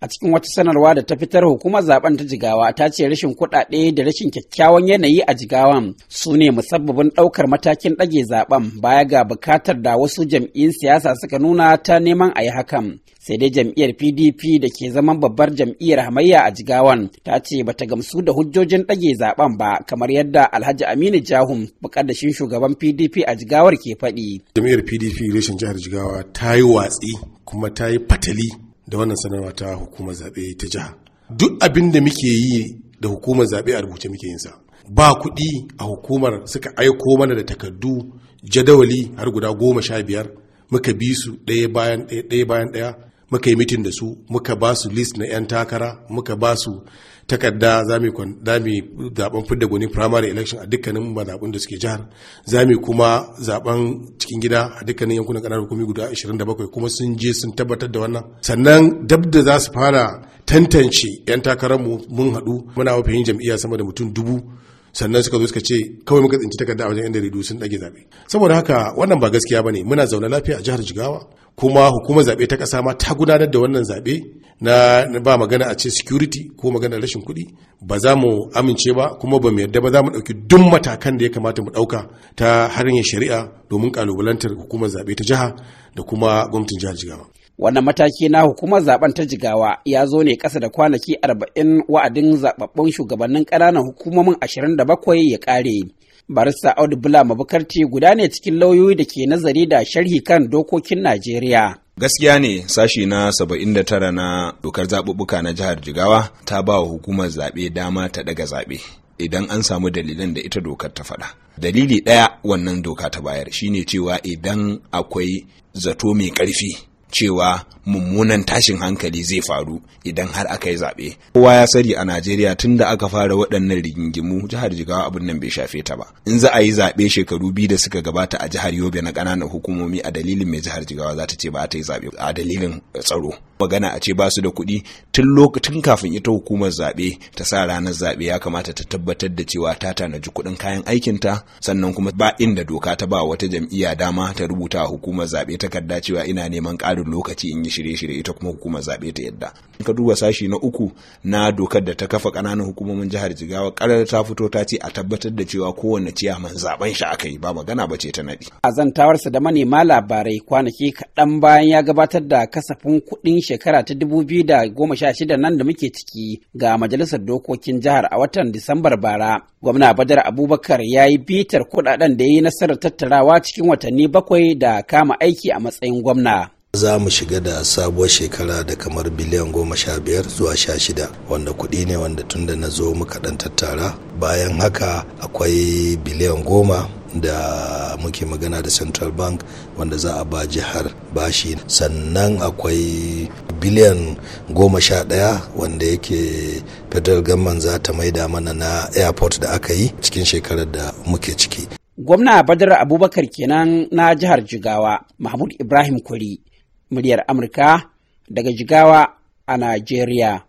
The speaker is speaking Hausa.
a cikin wata sanarwa da ta fitar hukumar zaben ta jigawa ta ce rashin kuɗaɗe da rashin kyakkyawan yanayi a jigawan su ne musabbabin ɗaukar matakin ɗage zaben baya ga bukatar da wasu jam'iyyun siyasa suka nuna ta neman a yi hakan sai dai jam'iyyar pdp da ke zaman babbar jam'iyyar hamayya a jigawan ta ce bata gamsu da hujjojin ɗage zaben ba kamar yadda alhaji aminu jahun bukadashin shugaban pdp a jigawar ke faɗi jam'iyyar pdp rashin jihar jigawa ta yi watsi kuma ta yi fatali da wannan sanarwa ta hukumar zaɓe ta jiha duk abin da muke yi da hukumar zaɓe a rubuce muke yin sa ba kuɗi a hukumar suka aiko mana da takardu jadawali har guda goma sha biyar muka bi su ɗaya ɗaya bayan ɗaya muka yi mitin da su muka ba su list na 'yan takara muka ba su takarda za mu zaben fidda gwani primary election a dukkanin mazaɓun da suke jihar za mu kuma zaben cikin gida a dukkanin yankunan ƙananan hukumi guda 27 kuma sun je sun tabbatar da wannan sannan dab da za su fara tantance 'yan takararmu mun haɗu muna wa fahimtar jam'iyya sama da mutum dubu sannan suka zo suka ce kawai muka tsinci takarda a wajen yan jaridu sun dage zaɓe saboda haka wannan ba gaskiya bane muna zaune lafiya a jihar jigawa kuma hukumar zaɓe ta ƙasa ma ta gudanar da wannan zaɓe na ba magana a ce security ko magana rashin kuɗi ba za mu amince ba kuma ba mu yarda ba za mu ɗauki duk matakan da ya kamata mu ɗauka ta hanyar shari'a domin ƙalubalantar hukumar zaɓe ta jiha da kuma gwamnatin jihar jigawa wannan mataki na hukumar zaben ta jigawa ya zo ne kasa da kwanaki arba'in wa'adin zababbun shugabannin ƙananan hukumomin ashirin da bakwai ya ƙare barista audu bula mabukarti guda ne cikin lauyoyi da ke nazari da sharhi kan dokokin najeriya gaskiya ne sashi na 79 na dokar zaɓuɓɓuka na jihar jigawa ta ba wa hukumar zaɓe dama ta daga zaɓe idan an samu dalilan da ita dokar ta faɗa dalili ɗaya wannan doka ta bayar shine cewa idan akwai zato mai ƙarfi cewa mummunan tashin hankali zai faru idan har aka yi zaɓe. Kowa ya sani a Najeriya tun da aka fara waɗannan rigingimu jihar Jigawa abin nan bai shafe ta ba. In za a yi zaɓe shekaru biyu da suka gabata a jihar Yobe na ƙananan hukumomi a dalilin mai jihar Jigawa za ta ce ba ta yi zaɓe a dalilin tsaro. magana a ce ba su da kuɗi tun lokacin kafin ita hukumar zaɓe ta sa ranar zaɓe ya kamata ta tabbatar da cewa ta tanaji kuɗin kayan aikinta sannan kuma ba inda doka ta ba wata jam'iyya dama ta rubuta a hukumar zaɓe takarda cewa ina neman ƙarin lokaci in yi shirye-shirye ita kuma hukumar zaɓe ta yadda. In ka duba sashi na uku na dokar da ta kafa ƙananan hukumomin jihar Jigawa ƙarar ta fito ta ce a tabbatar da cewa kowane ciyaman zaɓen shi aka yi ba magana ba ce ta naɗi. A zantawarsa da manema labarai kwanaki kaɗan bayan ya gabatar da kasafin kuɗin shekara ta da goma sha shida nan da muke ciki ga majalisar dokokin jihar a watan Disambar bara. Gwamna Badar Abubakar ya yi bitar kudaden da ya yi nasarar tattarawa cikin watanni bakwai da kama aiki a matsayin gwamna. za mu shiga da sabuwar shekara da kamar biliyan goma sha biyar zuwa sha shida wanda kuɗi ne wanda tun da na zo muka ɗan tattara bayan haka akwai biliyan goma da muke magana da central bank wanda za a ba jihar bashi sannan akwai biliyan goma sha ɗaya wanda yake federal government za ta maida mana na airport da aka yi cikin shekarar da muke ciki gwamna badar abubakar kenan na jihar jigawa mahmud ibrahim kuri muryar amurka daga jigawa a najeriya